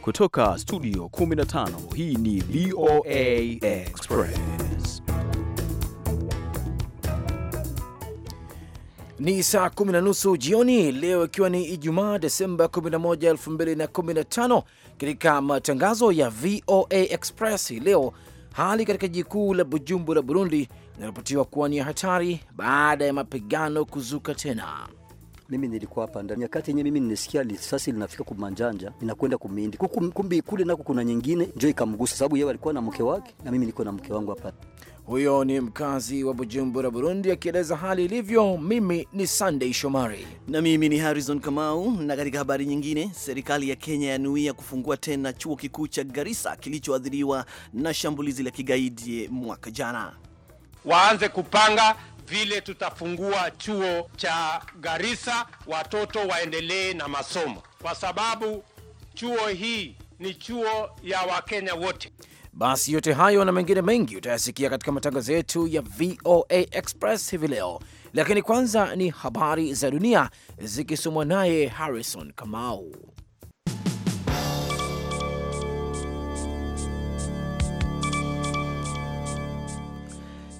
Kutoka studio 15 hii ni VOA Express. Ni saa kumi na nusu jioni leo, ikiwa ni Ijumaa Desemba 11, 2015. Katika matangazo ya VOA Express hii leo, hali katika jiji kuu la Bujumbura, Burundi, inaripotiwa kuwa ni hatari baada ya mapigano kuzuka tena. Mimi nilikuwa hapa ndani nyakati yenyewe, mimi nilisikia lisasi linafika kumanjanja inakwenda kumindi kuku, kumbi kule nako kuna nyingine njo ikamgusa, sababu yeye alikuwa na mke wake na mimi niko na mke wangu hapa. Huyo ni mkazi wa Bujumbura, Burundi, akieleza hali ilivyo. Mimi ni Sunday Shomari na mimi ni Harrison Kamau. Na katika habari nyingine, serikali ya Kenya yanuia kufungua tena chuo kikuu cha Garissa kilichoathiriwa na shambulizi la kigaidi mwaka jana. Waanze kupanga vile tutafungua chuo cha Garissa, watoto waendelee na masomo, kwa sababu chuo hii ni chuo ya Wakenya wote. Basi yote hayo na mengine mengi utayasikia katika matangazo yetu ya VOA Express hivi leo, lakini kwanza ni habari za dunia zikisomwa naye Harrison Kamau.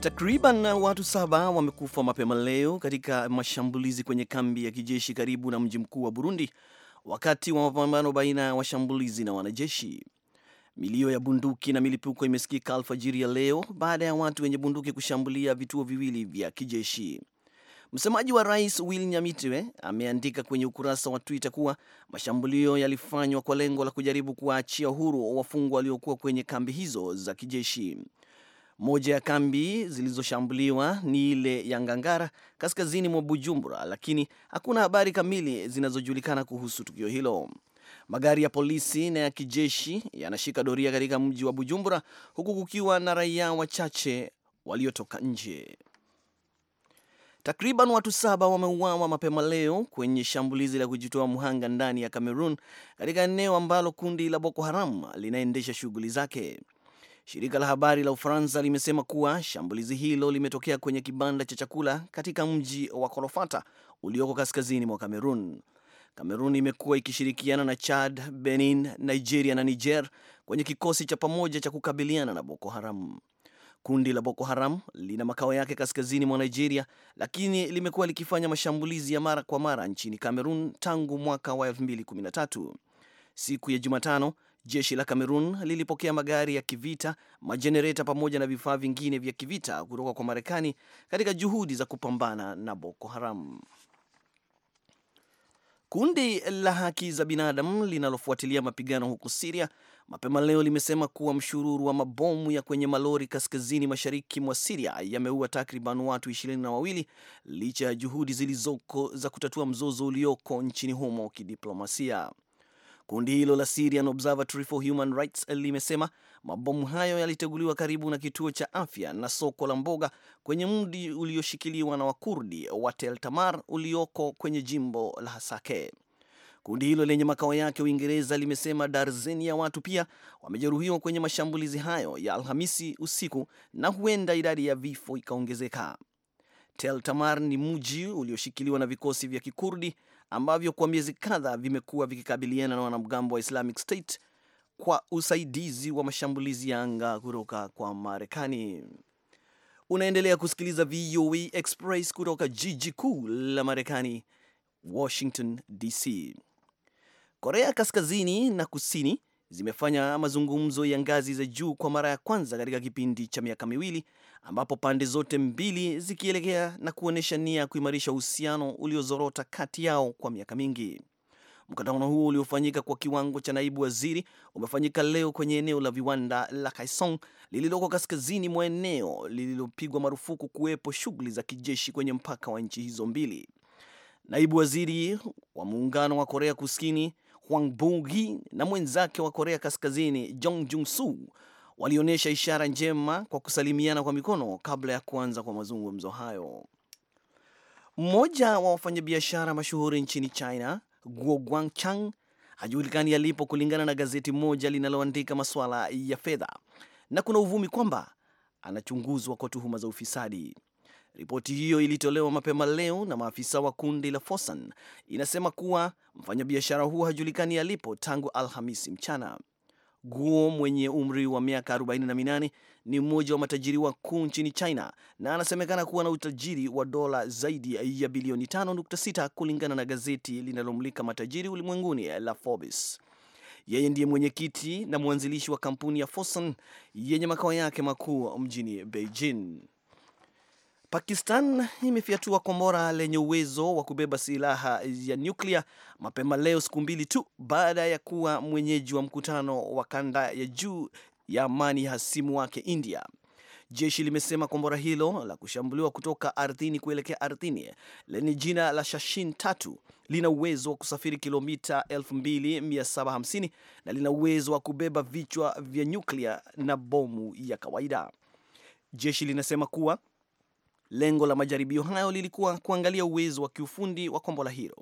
Takriban watu saba wamekufa mapema leo katika mashambulizi kwenye kambi ya kijeshi karibu na mji mkuu wa Burundi wakati wa mapambano baina ya washambulizi na wanajeshi. Milio ya bunduki na milipuko imesikika alfajiri ya leo baada ya watu wenye bunduki kushambulia vituo viwili vya kijeshi. Msemaji wa rais Will Nyamitwe ameandika kwenye ukurasa wa Twitter kuwa mashambulio yalifanywa kwa lengo la kujaribu kuwaachia huru wafungwa waliokuwa kwenye kambi hizo za kijeshi. Moja ya kambi zilizoshambuliwa ni ile ya Ngangara kaskazini mwa Bujumbura, lakini hakuna habari kamili zinazojulikana kuhusu tukio hilo. Magari ya polisi na ya kijeshi yanashika doria katika mji wa Bujumbura, huku kukiwa na raia wachache waliotoka nje. Takriban watu saba wameuawa mapema leo kwenye shambulizi la kujitoa mhanga ndani ya Cameroon, katika eneo ambalo kundi la Boko Haram linaendesha shughuli zake. Shirika la habari la Ufaransa limesema kuwa shambulizi hilo limetokea kwenye kibanda cha chakula katika mji wa Korofata ulioko kaskazini mwa Kamerun. Kamerun imekuwa ikishirikiana na Chad, Benin, Nigeria na Niger kwenye kikosi cha pamoja cha kukabiliana na Boko Haram. Kundi la Boko Haram lina makao yake kaskazini mwa Nigeria, lakini limekuwa likifanya mashambulizi ya mara kwa mara nchini Kamerun tangu mwaka wa 2013. Siku ya Jumatano, Jeshi la Cameroon lilipokea magari ya kivita, majenereta pamoja na vifaa vingine vya kivita kutoka kwa Marekani katika juhudi za kupambana na Boko Haram. Kundi la haki za binadamu linalofuatilia mapigano huko Siria mapema leo limesema kuwa mshururu wa mabomu ya kwenye malori kaskazini mashariki mwa Siria yameua takriban watu ishirini na wawili licha ya juhudi zilizoko za kutatua mzozo ulioko nchini humo kidiplomasia. Kundi hilo la Syrian Observatory for Human Rights limesema mabomu hayo yaliteguliwa karibu na kituo cha afya na soko la mboga kwenye mji ulioshikiliwa na Wakurdi wa Tel Tamar ulioko kwenye jimbo la Hasake. Kundi hilo lenye makao yake Uingereza limesema darzeni ya watu pia wamejeruhiwa kwenye mashambulizi hayo ya Alhamisi usiku na huenda idadi ya vifo ikaongezeka. Tel Tamar ni mji ulioshikiliwa na vikosi vya Kikurdi ambavyo kwa miezi kadhaa vimekuwa vikikabiliana na wanamgambo wa Islamic State kwa usaidizi wa mashambulizi ya anga kutoka kwa Marekani. Unaendelea kusikiliza VOA Express kutoka jiji kuu la Marekani, Washington DC. Korea Kaskazini na Kusini zimefanya mazungumzo ya ngazi za juu kwa mara ya kwanza katika kipindi cha miaka miwili ambapo pande zote mbili zikielekea na kuonyesha nia ya kuimarisha uhusiano uliozorota kati yao kwa miaka mingi. Mkutano huo uliofanyika kwa kiwango cha naibu waziri umefanyika leo kwenye eneo la viwanda la Kaesong lililoko kaskazini mwa eneo lililopigwa marufuku kuwepo shughuli za kijeshi kwenye mpaka wa nchi hizo mbili. Naibu waziri wa muungano wa Korea Kusini Hwang Bugi na mwenzake wa Korea Kaskazini Jong Jung Su walionyesha ishara njema kwa kusalimiana kwa mikono kabla ya kuanza kwa mazungumzo hayo. Mmoja wa wafanyabiashara mashuhuri nchini China, Guo Guangchang, hajulikani alipo kulingana na gazeti moja linaloandika masuala ya fedha, na kuna uvumi kwamba anachunguzwa kwa tuhuma za ufisadi. Ripoti hiyo ilitolewa mapema leo na maafisa wa kundi la Fosan inasema kuwa mfanyabiashara huo hajulikani alipo tangu Alhamisi mchana. Guo mwenye umri wa miaka 48 ni mmoja wa matajiri wakuu nchini China na anasemekana kuwa na utajiri wa dola zaidi ya bilioni 5.6 kulingana na gazeti linalomlika matajiri ulimwenguni la Forbes. Yeye ndiye mwenyekiti na mwanzilishi wa kampuni ya Fosun yenye makao yake makuu mjini Beijing. Pakistan imefiatua kombora lenye uwezo wa kubeba silaha ya nyuklia mapema leo, siku mbili tu baada ya kuwa mwenyeji wa mkutano wa kanda ya juu ya amani hasimu wake India. Jeshi limesema kombora hilo la kushambuliwa kutoka ardhini kuelekea ardhini lenye jina la Shashin tatu lina uwezo wa kusafiri kilomita 2750 na lina uwezo wa kubeba vichwa vya nyuklia na bomu ya kawaida. Jeshi linasema kuwa Lengo la majaribio hayo lilikuwa kuangalia uwezo wa kiufundi wa kombora hilo.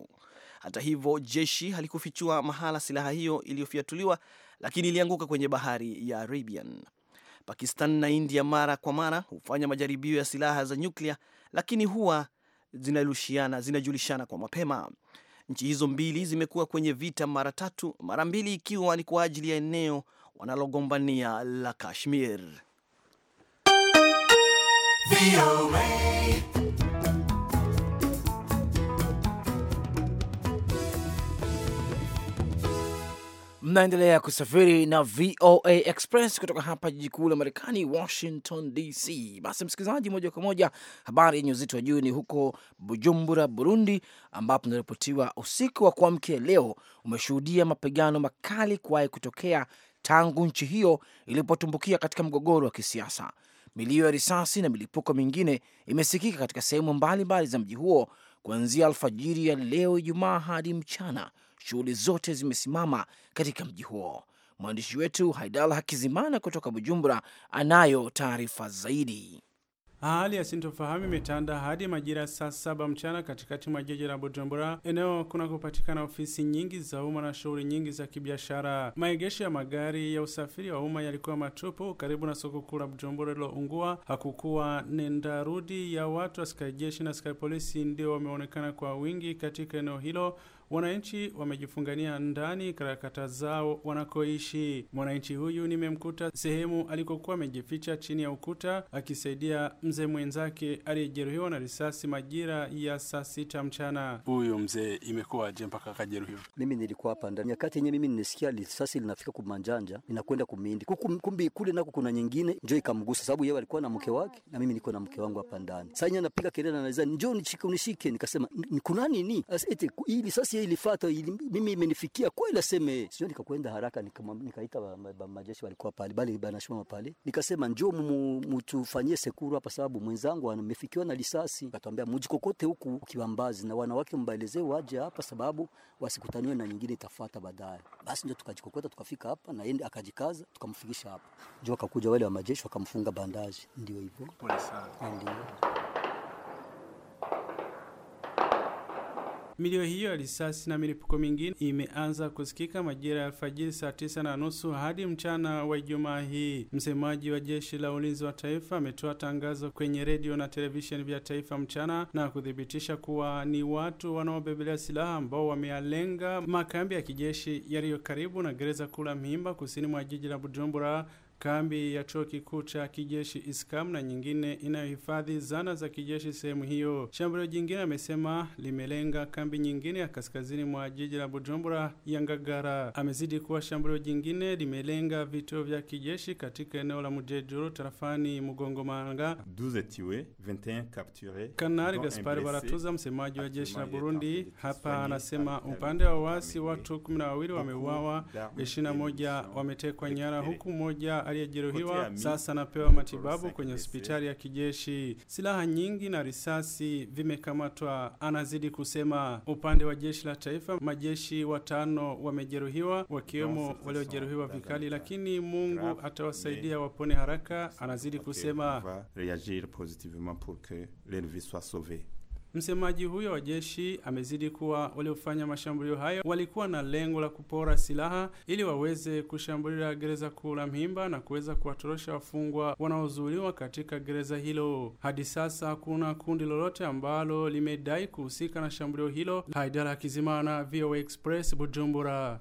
Hata hivyo, jeshi halikufichua mahala silaha hiyo iliyofyatuliwa, lakini ilianguka kwenye bahari ya Arabian. Pakistan na India mara kwa mara hufanya majaribio ya silaha za nyuklia, lakini huwa zinalushiana zinajulishana kwa mapema. Nchi hizo mbili zimekuwa kwenye vita mara tatu, mara mbili ikiwa ni kwa ajili ya eneo wanalogombania la Kashmir. Mnaendelea kusafiri na VOA Express kutoka hapa jiji kuu la Marekani, Washington DC. Basi msikilizaji, moja kwa moja, habari yenye uzito wa juu ni huko Bujumbura, Burundi, ambapo inaripotiwa usiku wa kuamkia leo umeshuhudia mapigano makali kuwahi kutokea tangu nchi hiyo ilipotumbukia katika mgogoro wa kisiasa. Milio ya risasi na milipuko mingine imesikika katika sehemu mbalimbali za mji huo kuanzia alfajiri ya leo Ijumaa hadi mchana. Shughuli zote zimesimama katika mji huo. Mwandishi wetu Haidala Hakizimana kutoka Bujumbura anayo taarifa zaidi. Hali ya sintofahamu imetanda hadi majira saa saba mchana katikati mwa jiji la Bujumbura, eneo kuna kupatikana ofisi nyingi za umma na shughuli nyingi za kibiashara. Maegesho ya magari ya usafiri wa umma yalikuwa matupu karibu na soko kuu la Bujumbura liloungua. Hakukuwa nenda rudi ya watu. Askari jeshi na askari polisi ndio wameonekana kwa wingi katika eneo hilo wananchi wamejifungania ndani karakata zao wanakoishi. Mwananchi huyu nimemkuta sehemu alikokuwa amejificha chini ya ukuta akisaidia mzee mwenzake aliyejeruhiwa na risasi majira ya saa sita mchana. Huyo mzee je mpaka akajeruhiwa? Mimi nilikuwa hapa ndani nyakati yenye mimi nilisikia risasi linafika kumanjanja inakwenda kumindi kumbi kule nako kuna nyingine njo ikamgusa, sababu yeye alikuwa na mke wake na mimi niko na mke wangu hapa ndani. Sasa yeye anapiga kelele, anaweza njo nishike nikasema kuna nini? Eti hii risasi ilifata ili, mimi imenifikia kweli, aseme sio. Nikakwenda haraka nikaita majeshi walikuwa pale bali banashimama pale, nikasema njoo mtufanyie sekuru hapa, sababu mwenzangu amefikiwa na risasi. Katwambia mujikokote huku kiwambazi na wanawake mbaelezee waje hapa, sababu wasikutaniwe na nyingine itafuata baadaye. Basi ndio tukajikokota tukafika hapa na yeye akajikaza, tukamfikisha hapa, njoo akakuja wale wa majeshi wakamfunga bandaji. Ndio hivyo, pole sana, ndio Milio hiyo ya risasi na milipuko mingine imeanza kusikika majira ya alfajiri saa tisa na nusu hadi mchana wa Ijumaa hii. Msemaji wa jeshi la ulinzi wa taifa ametoa tangazo kwenye redio na televisheni vya taifa mchana na kuthibitisha kuwa ni watu wanaobebelea silaha ambao wamealenga makambi ya kijeshi yaliyo karibu na gereza kuu la kusini mwa jiji la Bujumbura kambi ya chuo kikuu cha kijeshi Iskam na nyingine inayohifadhi zana za kijeshi sehemu hiyo. Shambulio jingine amesema limelenga kambi nyingine ya kaskazini mwa jiji la Bujumbura ya Ngagara. Amezidi kuwa shambulio jingine limelenga vituo vya kijeshi katika eneo la Mujejuru tarafani Mugongo Manga. Kanari Gaspari Baratuza, msemaji wa jeshi la Burundi, hapa anasema upande wa wasi watu 12 wameuawa, 21 wametekwa nyara, huku mmoja aliyejeruhiwa sasa anapewa matibabu kwenye hospitali ya kijeshi. Silaha nyingi na risasi vimekamatwa, anazidi kusema. Upande wa jeshi la taifa, majeshi watano wamejeruhiwa, wakiwemo waliojeruhiwa vikali, lakini Mungu atawasaidia wapone haraka, anazidi kusema. Msemaji huyo wa jeshi amezidi kuwa waliofanya mashambulio hayo walikuwa na lengo la kupora silaha ili waweze kushambulia gereza kuu la Mhimba na kuweza kuwatorosha wafungwa wanaozuiliwa katika gereza hilo. Hadi sasa hakuna kundi lolote ambalo limedai kuhusika na shambulio hilo. Haidara Kizimana, VOA Express, Bujumbura.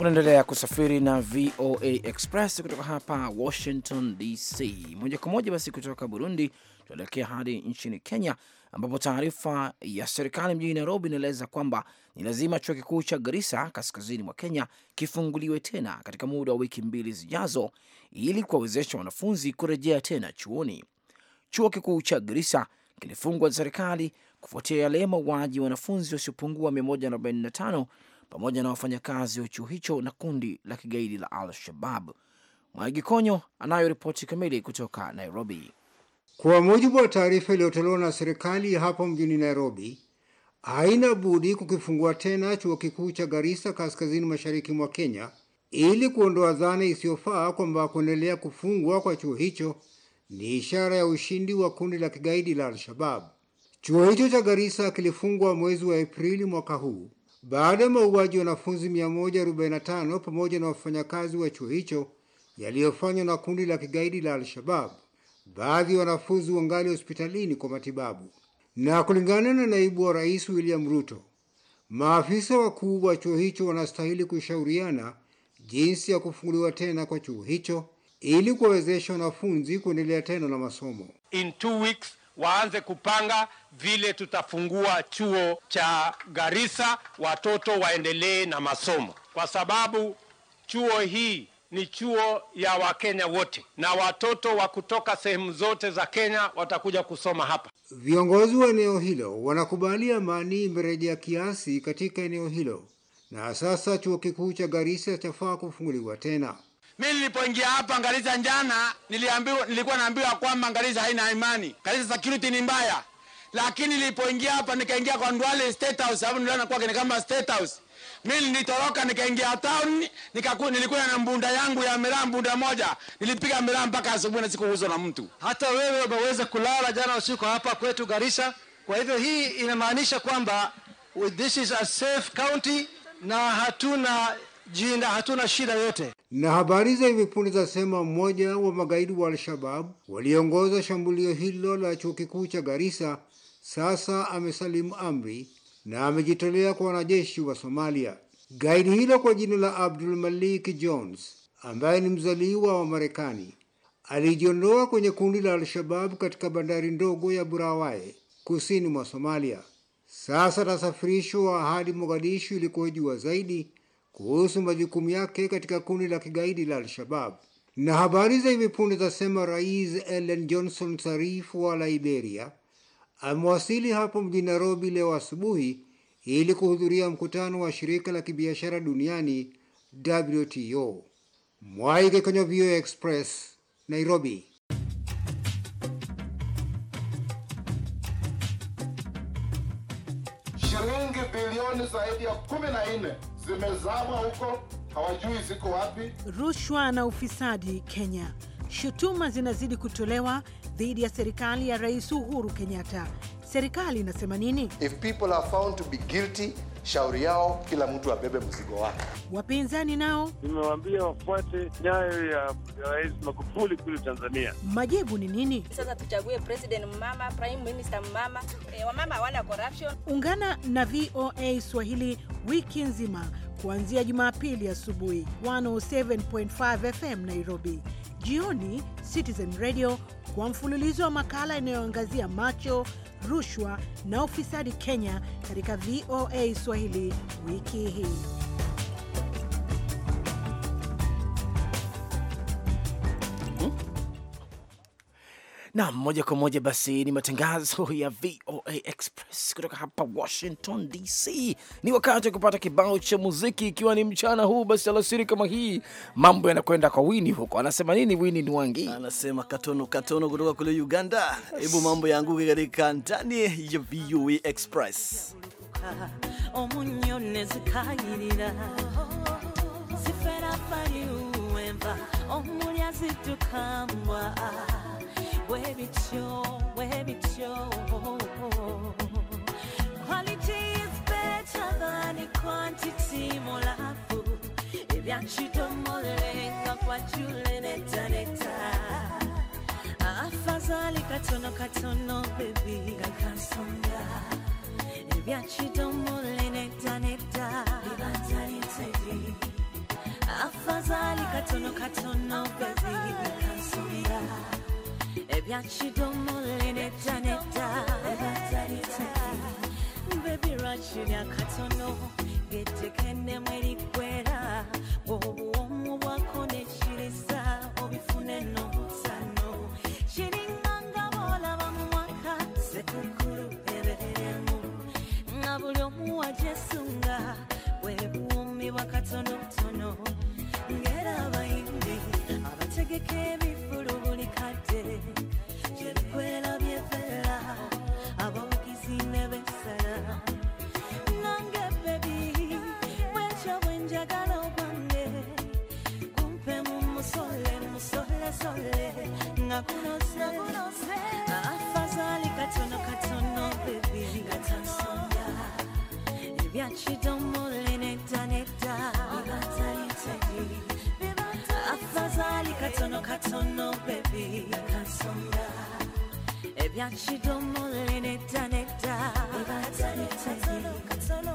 Unaendelea kusafiri na VOA Express kutoka hapa Washington DC moja kwa moja. Basi kutoka Burundi tunaelekea hadi nchini Kenya, ambapo taarifa ya serikali mjini Nairobi inaeleza kwamba ni lazima chuo kikuu cha Garissa kaskazini mwa Kenya kifunguliwe tena katika muda wa wiki mbili zijazo, ili kuwawezesha wanafunzi kurejea tena chuoni. Chuo kikuu cha Garissa kilifungwa na serikali kufuatia yale mauaji wanafunzi wasiopungua 145 pamoja na wafanyakazi wa chuo hicho na kundi la kigaidi la Al Shabab. Mwanagikonyo anayo ripoti kamili kutoka Nairobi. Kwa mujibu wa taarifa iliyotolewa na serikali hapo mjini Nairobi, haina budi kukifungua tena chuo kikuu cha Garissa kaskazini mashariki mwa Kenya ili kuondoa dhana isiyofaa kwamba kuendelea kufungwa kwa chuo hicho ni ishara ya ushindi wa kundi la kigaidi la Al-Shabab. Chuo hicho cha Garissa kilifungwa mwezi wa Aprili mwaka huu baada ya mauaji ya wanafunzi 145 pamoja na wafanyakazi wa chuo hicho yaliyofanywa na kundi la kigaidi la Al-Shabab. Baadhi ya wanafunzi wangali hospitalini kwa matibabu. Na kulingana na naibu wa rais William Ruto, maafisa wakuu wa chuo hicho wanastahili kushauriana jinsi ya kufunguliwa tena kwa chuo hicho ili kuwawezesha wanafunzi kuendelea tena na masomo. In two weeks waanze kupanga vile tutafungua chuo cha Garissa, watoto waendelee na masomo, kwa sababu chuo hii ni chuo ya Wakenya wote na watoto wa kutoka sehemu zote za Kenya watakuja kusoma hapa. Viongozi wa eneo hilo wanakubalia amani imerejea kiasi katika eneo hilo, na sasa chuo kikuu cha Garissa chafaa kufunguliwa tena. Mimi nilipoingia hapa Ngaliza njana, niliambiwa nilikuwa naambiwa kwamba Ngaliza haina imani, Ngaliza security ni mbaya, lakini nilipoingia hapa nikaingia kwa Ndwale State House, sababu ndio nakuwa ni kama State House. Mimi nilitoroka nikaingia town, nikaku, nilikuwa na mbunda yangu ya miraa, mbunda moja nilipiga miraa mpaka asubuhi na sikuuzwa na mtu. Hata wewe umeweza kulala jana usiku hapa kwetu Garissa. Kwa hivyo hii inamaanisha kwamba this is a safe county na hatuna jinda, hatuna shida yote. Na habari za hivi punde zasema mmoja wa magaidi wa Al-Shabab waliongoza shambulio hilo la chuo kikuu cha Garissa sasa amesalimu amri na amejitolea kwa wanajeshi wa Somalia. Gaidi hilo kwa jina la Abdul Malik Jones ambaye ni mzaliwa wa Marekani alijiondoa kwenye kundi la Al-Shabab katika bandari ndogo ya Burawae kusini mwa Somalia. Sasa atasafirishwa hadi Mogadishu ilikuwa jua zaidi kuhusu majukumu yake katika kundi la kigaidi la Al-Shabab. Na habari za hivi punde zasema Rais Ellen Johnson Sirleaf wa Liberia amewasili hapo mjini Nairobi leo asubuhi ili kuhudhuria mkutano wa shirika la kibiashara duniani WTO. Mwaike kwenye VOA Express, Nairobi. Shilingi bilioni zaidi ya nne zimezama huko, hawajui ziko wapi. Rushwa na ufisadi Kenya. Shutuma zinazidi kutolewa dhidi ya serikali ya Rais Uhuru Kenyatta. Serikali inasema nini? If people are found to be guilty shauri yao, kila mtu abebe mzigo wake. Wapinzani nao nimewaambia wafuate nyayo ya Rais Magufuli kule Tanzania. Majibu ni nini? Sasa tuchague president mama, prime minister mama. E, wamama hawana corruption. Ungana na VOA Swahili wiki nzima kuanzia Jumapili asubuhi 107.5 FM Nairobi, jioni Citizen Radio kwa mfululizo wa makala inayoangazia macho, rushwa na ufisadi Kenya katika VOA Swahili wiki hii. Nam moja kwa moja basi, ni matangazo ya VOA Express kutoka hapa Washington DC. Ni wakati wa kupata kibao cha muziki, ikiwa ni mchana huu. Basi alasiri kama hii, mambo yanakwenda kwa Wini huko. Anasema nini Wini ni Wangi? Anasema katono katono kutoka kule Uganda. Hebu yes, mambo yaanguke katika ndani ya VOA Express webityo webityo quality is better than quantity mulafu ah, afazali katono katono bebi kakansonga afazali katono katono bebi kakansonga Rachido molene taneta Baby Rachida katono Getekene mweri kwera Obuomu bwako nekiriza Obifune n'obutano Kiringa nga bwolaba mu mwaka Sekukulu ebereremu Nga buli omu wajesunga Bwe buwumi bwa katonotono Ngera abayimbi Abategeka ebifulu buli kadde njagala ogwange kumpe mu musole musolesole nga kunose afazali katono katono bebi ebyakidomole nedda afazali katono katono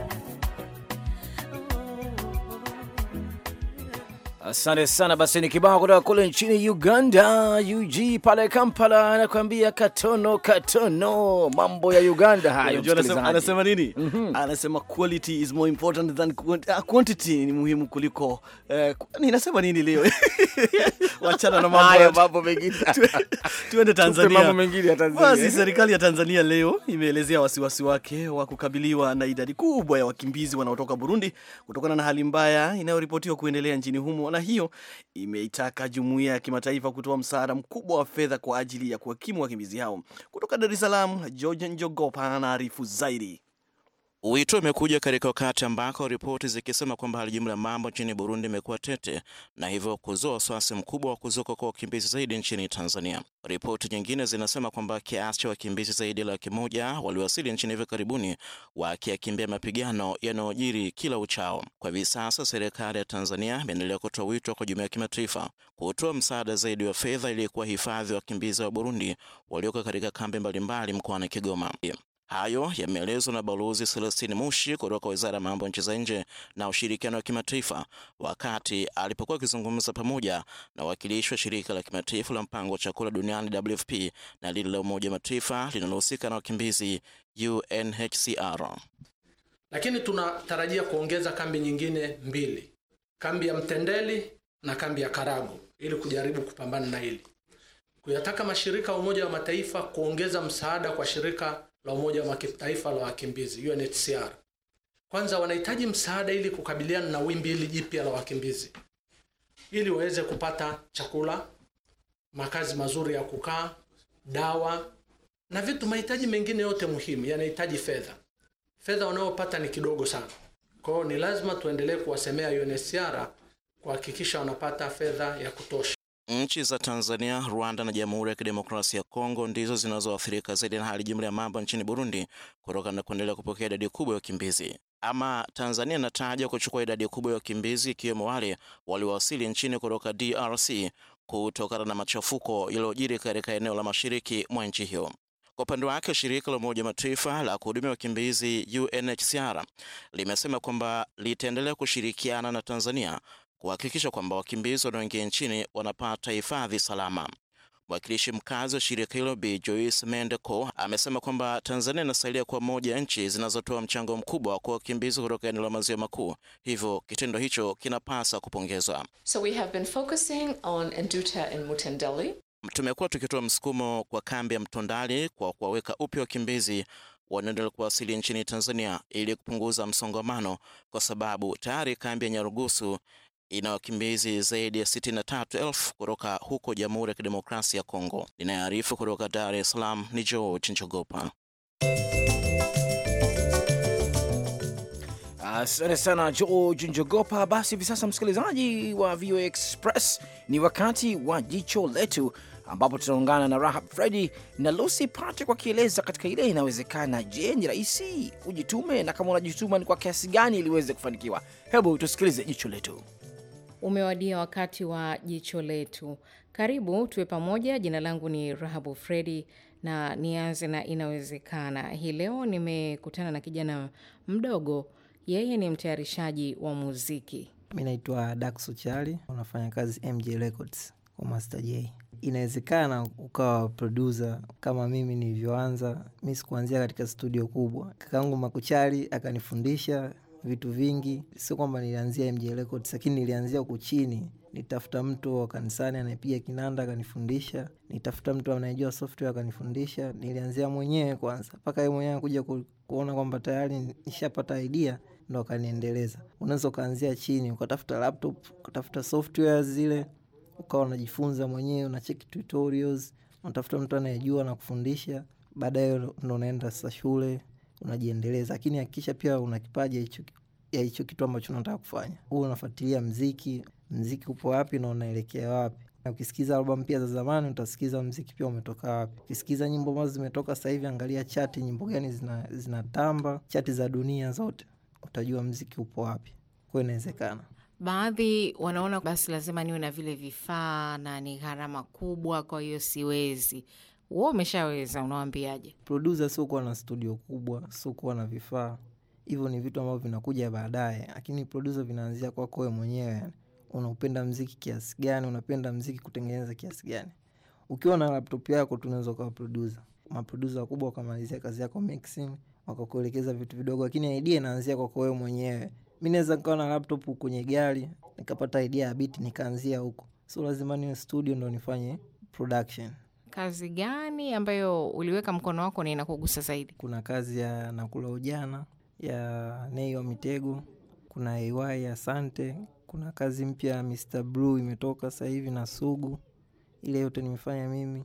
Asante sana. Basi ni kibao kutoka kule nchini Uganda, UG pale Kampala, anakuambia katono katono. Mambo ya Uganda hayo. Anasema nini? mm -hmm. Anasema quality is more important than ah, quantity, ni muhimu kuliko eh, nini leo? Wachana na mambo mengine, tuende Tanzania. Mambo mengine ya Tanzania, basi serikali ya Tanzania leo imeelezea wasiwasi wake wa kukabiliwa na idadi kubwa ya wakimbizi wanaotoka Burundi kutokana na hali mbaya inayoripotiwa kuendelea nchini humo na hiyo imeitaka jumuiya ya kimataifa kutoa msaada mkubwa wa fedha kwa ajili ya kuhakimu wakimbizi hao. Kutoka Dar es Salaam, George Njogopa anaarifu zaidi. Wito umekuja katika wakati ambako ripoti zikisema kwamba hali jumla mambo nchini Burundi imekuwa tete na hivyo kuzua wasiwasi mkubwa wa kuzuka kwa wakimbizi zaidi nchini Tanzania. Ripoti nyingine zinasema kwamba kiasi cha wakimbizi zaidi ya laki moja waliwasili nchini hivi karibuni, wakiyakimbia mapigano yanayojiri kila uchao. Kwa hivi sasa, serikali ya Tanzania imeendelea kutoa wito kwa jumuiya ya kimataifa kutoa msaada zaidi wa fedha ili kuwahifadhi wakimbizi wa Burundi walioko katika kambi mbalimbali mkoani Kigoma. Hayo yameelezwa na Balozi Celestine Mushi kutoka Wizara ya Mambo ya Nchi za Nje na Ushirikiano wa Kimataifa wakati alipokuwa akizungumza pamoja na wakilishi wa shirika la kimataifa la mpango wa chakula duniani WFP na lile la Umoja wa Mataifa linalohusika na wakimbizi UNHCR. Lakini tunatarajia kuongeza kambi nyingine mbili, kambi ya Mtendeli na kambi ya karagu ili kujaribu kupambana na hili, kuyataka mashirika ya Umoja wa Mataifa kuongeza msaada kwa shirika la Umoja wa Kitaifa la Wakimbizi UNHCR. Kwanza wanahitaji msaada ili kukabiliana na wimbi hili jipya la wakimbizi, ili waweze kupata chakula, makazi mazuri ya kukaa, dawa na vitu, mahitaji mengine yote muhimu yanahitaji fedha. Fedha wanayopata ni kidogo sana, kwa hiyo ni lazima tuendelee kuwasemea UNHCR kuhakikisha wanapata fedha ya kutosha. Nchi za Tanzania, Rwanda na Jamhuri ya Kidemokrasia ya Kongo ndizo zinazoathirika zaidi na hali jumla ya mambo nchini Burundi kutokana na kuendelea kupokea idadi kubwa ya wakimbizi. Ama Tanzania inataja kuchukua idadi kubwa ya wakimbizi ikiwemo wale waliowasili nchini kutoka DRC kutokana na machafuko yaliyojiri katika eneo la mashariki mwa nchi hiyo. Kwa upande wake shirika la Umoja Mataifa la kuhudumia wakimbizi UNHCR limesema kwamba litaendelea kushirikiana na Tanzania kuhakikisha kwamba wakimbizi wanaoingia nchini wanapata hifadhi salama. Mwakilishi mkazi wa shirika hilo Bi Joyce Mendeco amesema kwamba Tanzania inasalia kuwa moja ya nchi zinazotoa mchango mkubwa kwa wakimbizi kutoka eneo la maziwa makuu, hivyo kitendo hicho kinapasa kupongezwa. So we have been focusing on Nduta and Mutendeli. Tumekuwa tukitoa msukumo kwa kambi ya Mtondali kwa kuwaweka upya wakimbizi wanaendelea kuwasili nchini Tanzania ili kupunguza msongamano, kwa sababu tayari kambi ya Nyarugusu ina wakimbizi zaidi ya elfu kutoka huko Jamhuri ya Kidemokrasia ya Kongo. Ninayoarifu kutoka Dar es Salaam ni George Njogopa. Asante sana George Njogopa. Basi hivi sasa, msikilizaji wa VOA Express, ni wakati wa jicho letu, ambapo tunaungana na Rahab Fredi na Lucy Patrick wakieleza katika ile inawezekana. Je, ni rahisi ujitume? Na kama unajituma ni kwa kiasi gani iliweze kufanikiwa? Hebu tusikilize jicho letu umewadia wakati wa jicho letu. Karibu tuwe pamoja. Jina langu ni Rahabu Fredi na nianze na inawezekana. Hii leo nimekutana na kijana mdogo, yeye ni mtayarishaji wa muziki. Mi naitwa Daksu Chali, unafanya kazi MJ Records kwa Inawezekana ukawa produsa kama mimi nilivyoanza. Mi sikuanzia katika studio kubwa, kakaangu Makuchali akanifundisha vitu vingi. Sio kwamba nilianzia MJ Records, lakini nilianzia huku chini. Nitafuta mtu wa kanisani anayepiga kinanda akanifundisha, nitafuta mtu anayejua software akanifundisha. Nilianzia mwenyewe kwanza, mpaka yeye mwenyewe kuja kuona kwamba tayari nishapata idea ndo akaniendeleza. Unaweza ukaanzia chini, ukatafuta laptop, ukatafuta software zile, ukawa unajifunza mwenyewe, unacheki tutorials, unatafuta mtu anayejua na kufundisha. Baadaye ndo unaenda sasa shule unajiendeleza, lakini hakikisha pia una kipaji ya hicho kitu ambacho unataka kufanya. Huu unafuatilia mziki, mziki upo wapi na unaelekea wapi. ukisikiza albamu pia za zamani utasikiza mziki pia umetoka wapi. Ukisikiza nyimbo ambazo zimetoka sasa hivi, angalia chati, nyimbo gani zinatamba, zina chati za dunia zote, utajua mziki upo wapi. Kwa inawezekana baadhi wanaona basi lazima niwe na vile vifaa na ni gharama kubwa, kwa hiyo siwezi wewe umeshaweza, unawambiaje Producer sio kuwa na studio kubwa, sio kuwa na vifaa hivyo, ni vitu ambavyo vinakuja baadaye, lakini producer vinaanzia kwako wewe mwenyewe, yani unaupenda mziki kiasi gani, unapenda mziki kutengeneza kiasi gani. Ukiwa na laptop yako tunaweza kuwa producer. Maproducer wakubwa wakamalizia kazi yako mixing, wakakuelekeza vitu vidogo, lakini idea inaanzia kwako wewe mwenyewe. Mi naweza nikawa na laptop kwenye gari nikapata idea ya biti nikaanzia huko, so lazima niwe studio ndo nifanye production. Kazi gani ambayo uliweka mkono wako na inakugusa zaidi? Kuna kazi ya nakula ujana ya Nei wa Mitego, kuna AY ya Sante, kuna kazi mpya ya Mr Blue imetoka sasa hivi na Sugu. Ile yote nimefanya mimi.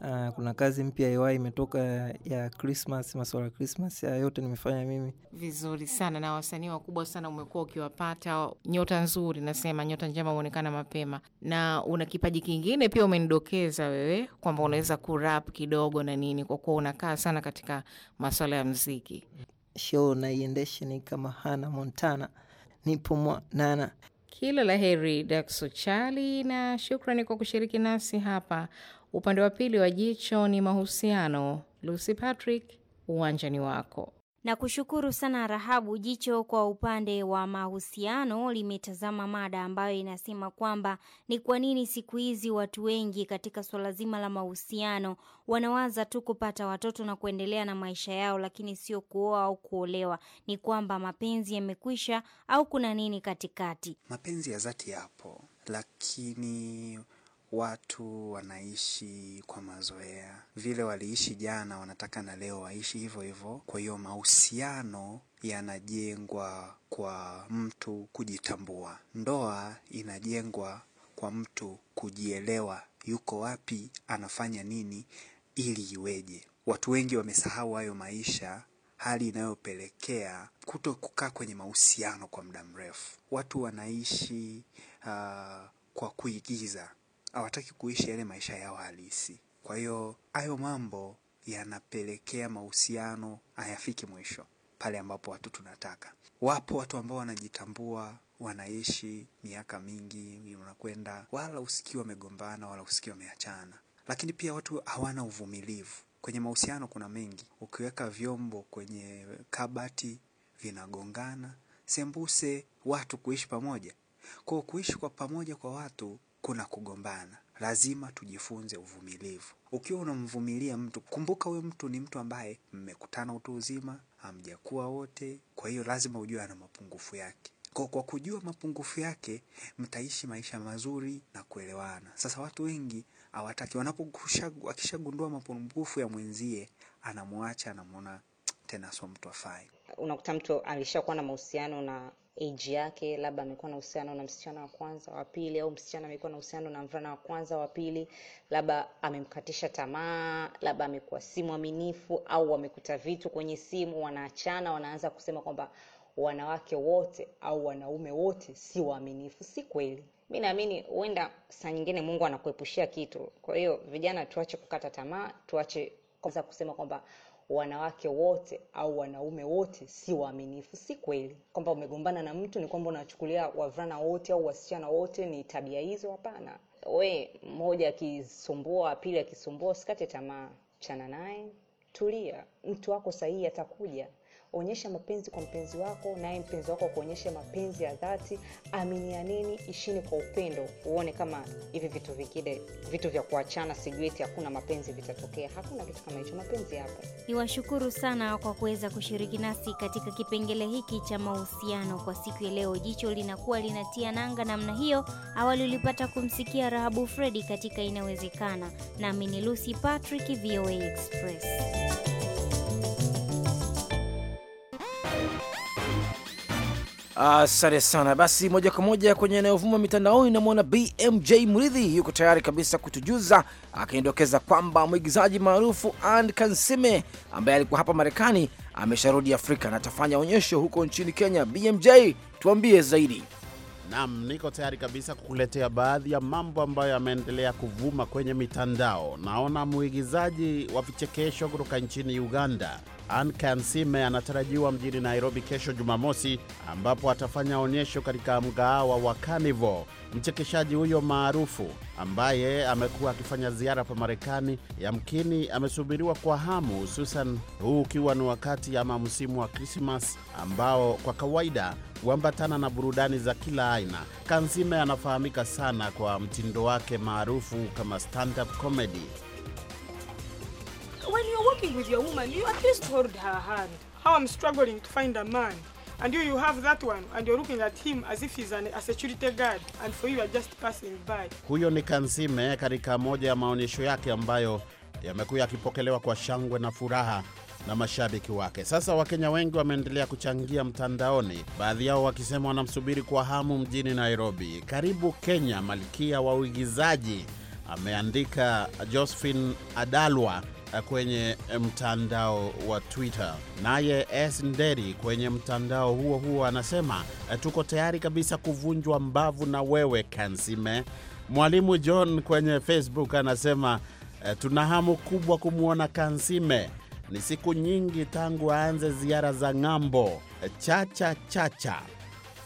Uh, kuna kazi mpya iwai imetoka ya Christmas, masuala ya Christmas ya yote nimefanya mimi. Vizuri sana na wasanii wakubwa sana umekuwa ukiwapata, nyota nzuri, nasema nyota njema huonekana mapema, na una kipaji kingine pia umenidokeza wewe kwamba unaweza kurap kidogo na nini, kwa kuwa unakaa sana katika masuala ya mziki. Show naiendesha ni kama Hana Montana, nipo nana kila la heri Dakso Chali, na shukrani kwa kushiriki nasi hapa Upande wa pili wa jicho ni mahusiano. Lucy Patrick, uwanjani wako. Na kushukuru sana Rahabu. Jicho kwa upande wa mahusiano limetazama mada ambayo inasema kwamba ni kwa nini siku hizi watu wengi katika swala zima la mahusiano wanawaza tu kupata watoto na kuendelea na maisha yao, lakini sio kuoa au kuolewa. Ni kwamba mapenzi yamekwisha au kuna nini katikati? Mapenzi ya dhati yapo, lakini watu wanaishi kwa mazoea, vile waliishi jana wanataka na leo waishi hivyo hivyo. Kwa hiyo mahusiano yanajengwa kwa mtu kujitambua, ndoa inajengwa kwa mtu kujielewa, yuko wapi, anafanya nini, ili iweje. Watu wengi wamesahau hayo maisha, hali inayopelekea kuto kukaa kwenye mahusiano kwa muda mrefu. Watu wanaishi uh, kwa kuigiza hawataki kuishi yale maisha yao halisi. Kwa hiyo hayo mambo yanapelekea mahusiano hayafiki mwisho pale ambapo watu tunataka. Wapo watu ambao wanajitambua, wanaishi miaka mingi unakwenda, wala usikii wamegombana, wala usikii wameachana. Lakini pia watu hawana uvumilivu kwenye mahusiano. Kuna mengi, ukiweka vyombo kwenye kabati vinagongana, sembuse watu kuishi pamoja. Kwa kuishi kwa pamoja kwa watu kuna kugombana. Lazima tujifunze uvumilivu. Ukiwa unamvumilia mtu, kumbuka huyo mtu ni mtu ambaye mmekutana utu uzima, hamjakuwa wote, kwa hiyo lazima ujue ana mapungufu yake. Kwa, kwa kujua mapungufu yake mtaishi maisha mazuri na kuelewana. Sasa watu wengi hawataki, wakishagundua mapungufu ya mwenzie anamwacha, anamwona tena sio mtu afai. Unakuta mtu alishakuwa na mahusiano na age yake labda amekuwa na uhusiano na msichana wa kwanza wa pili au msichana amekuwa na uhusiano na mvulana wa kwanza wa pili labda amemkatisha tamaa labda amekuwa si mwaminifu au wamekuta vitu kwenye simu wanaachana wanaanza kusema kwamba wanawake wote au wanaume wote si waaminifu si kweli mi naamini huenda saa nyingine mungu anakuepushia kitu kwa hiyo vijana tuache kukata tamaa tuache kwanza kusema kwamba wanawake wote au wanaume wote si waaminifu si kweli kwamba umegombana na mtu ni kwamba unachukulia wavulana wote au wasichana wote ni tabia hizo hapana we mmoja akisumbua pili akisumbua usikate tamaa chana naye tulia mtu wako sahihi atakuja onyesha mapenzi kwa mpenzi wako naye mpenzi wako kuonyesha mapenzi ya dhati aminianeni ishini kwa upendo uone kama hivi vitu vingine vitu vya kuachana sigueti hakuna mapenzi vitatokea hakuna kitu kama hicho mapenzi yapo niwashukuru sana kwa kuweza kushiriki nasi katika kipengele hiki cha mahusiano kwa siku ya leo jicho linakuwa linatia nanga namna hiyo awali ulipata kumsikia rahabu fredi katika inawezekana nami ni lucy patrick voa express Asante sana. Basi moja kwa moja kwenye yanayovuma mitandaoni, namwona BMJ Mridhi yuko tayari kabisa kutujuza, akidokeza kwamba mwigizaji maarufu Ann Kansime ambaye alikuwa hapa Marekani amesharudi Afrika na atafanya onyesho huko nchini Kenya. BMJ, tuambie zaidi. Naam, niko tayari kabisa kukuletea baadhi ya mambo ambayo yameendelea kuvuma kwenye mitandao. Naona mwigizaji wa vichekesho kutoka nchini Uganda Ann Kansime anatarajiwa mjini Nairobi kesho Jumamosi, ambapo atafanya onyesho katika mgahawa wa Carnival. Mchekeshaji huyo maarufu ambaye amekuwa akifanya ziara pa Marekani yamkini amesubiriwa kwa hamu, hususan huu ukiwa ni wakati ama msimu wa Krismas ambao kwa kawaida huambatana na burudani za kila aina. Kansime anafahamika sana kwa mtindo wake maarufu kama stand-up comedy when you're working with your woman, you at least hold her hand. How I'm struggling to find a man. And you, you have that one and you're looking at him as if he's an, a security guard and for you are just passing by. Huyo ni Kanzime katika moja ya maonyesho yake ambayo yamekuwa yakipokelewa kwa shangwe na furaha na mashabiki wake. Sasa Wakenya wengi wameendelea kuchangia mtandaoni, baadhi yao wakisema wanamsubiri kwa hamu mjini Nairobi. Karibu Kenya, malkia wa uigizaji, ameandika Josephine Adalwa kwenye mtandao wa Twitter. Naye S Nderi kwenye mtandao huo huo anasema tuko tayari kabisa kuvunjwa mbavu na wewe Kansime. Mwalimu John kwenye Facebook anasema eh, tuna hamu kubwa kumwona Kansime, ni siku nyingi tangu aanze ziara za ng'ambo. Eh, Chacha Chacha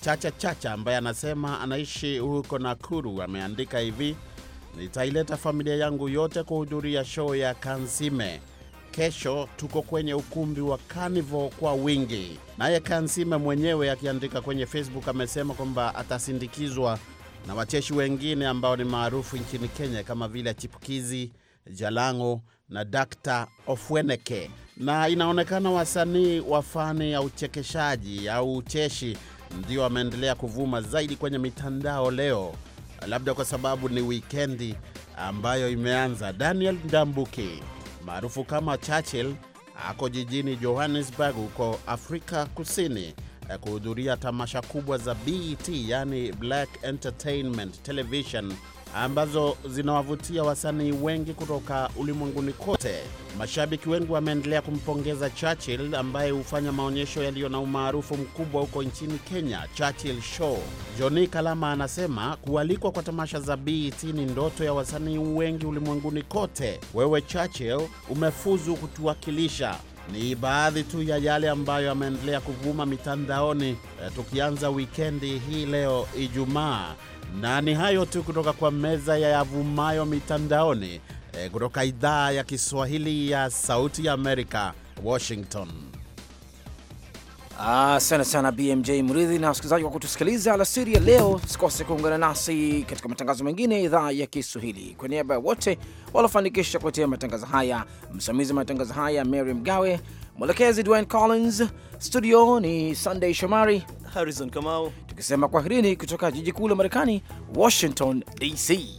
Chacha Chacha ambaye anasema anaishi huko Nakuru ameandika hivi nitaileta familia yangu yote kuhudhuria show ya kansime Kesho tuko kwenye ukumbi wa Carnival kwa wingi. Naye kansime mwenyewe akiandika kwenye Facebook amesema kwamba atasindikizwa na wacheshi wengine ambao ni maarufu nchini Kenya kama vile Chipukizi, Jalango na Dr. Ofweneke. Na inaonekana wasanii wa fani ya uchekeshaji au ucheshi ndio wameendelea kuvuma zaidi kwenye mitandao leo labda kwa sababu ni wikendi ambayo imeanza. Daniel Ndambuki maarufu kama Churchill ako jijini Johannesburg huko Afrika Kusini eh, kuhudhuria tamasha kubwa za BET, yani Black Entertainment Television ambazo zinawavutia wasanii wengi kutoka ulimwenguni kote. Mashabiki wengi wameendelea kumpongeza Churchill ambaye hufanya maonyesho yaliyo na umaarufu mkubwa huko nchini Kenya, Churchill Show. Johnny Kalama anasema kualikwa kwa tamasha za BET ni ndoto ya wasanii wengi ulimwenguni kote. Wewe Churchill umefuzu kutuwakilisha. Ni baadhi tu ya yale ambayo yameendelea kuvuma mitandaoni, eh, tukianza wikendi hii leo Ijumaa na ni hayo tu kutoka kwa meza ya yavumayo mitandaoni e, kutoka idhaa ya Kiswahili ya Sauti ya Amerika, Washington. Asante ah, sana BMJ Mridhi na wasikilizaji kwa kutusikiliza alasiri ya leo. Sikose kuungana nasi katika matangazo mengine ya idhaa ya Kiswahili. Kwa niaba ya wote waliofanikisha kuletea matangazo haya, msimamizi wa matangazo haya Mary Mgawe, Mwelekezi Dwayne Collins, studio ni Sunday Shomari, Harrison Kamau, tukisema kwaherini kutoka jiji kuu la Marekani, Washington DC.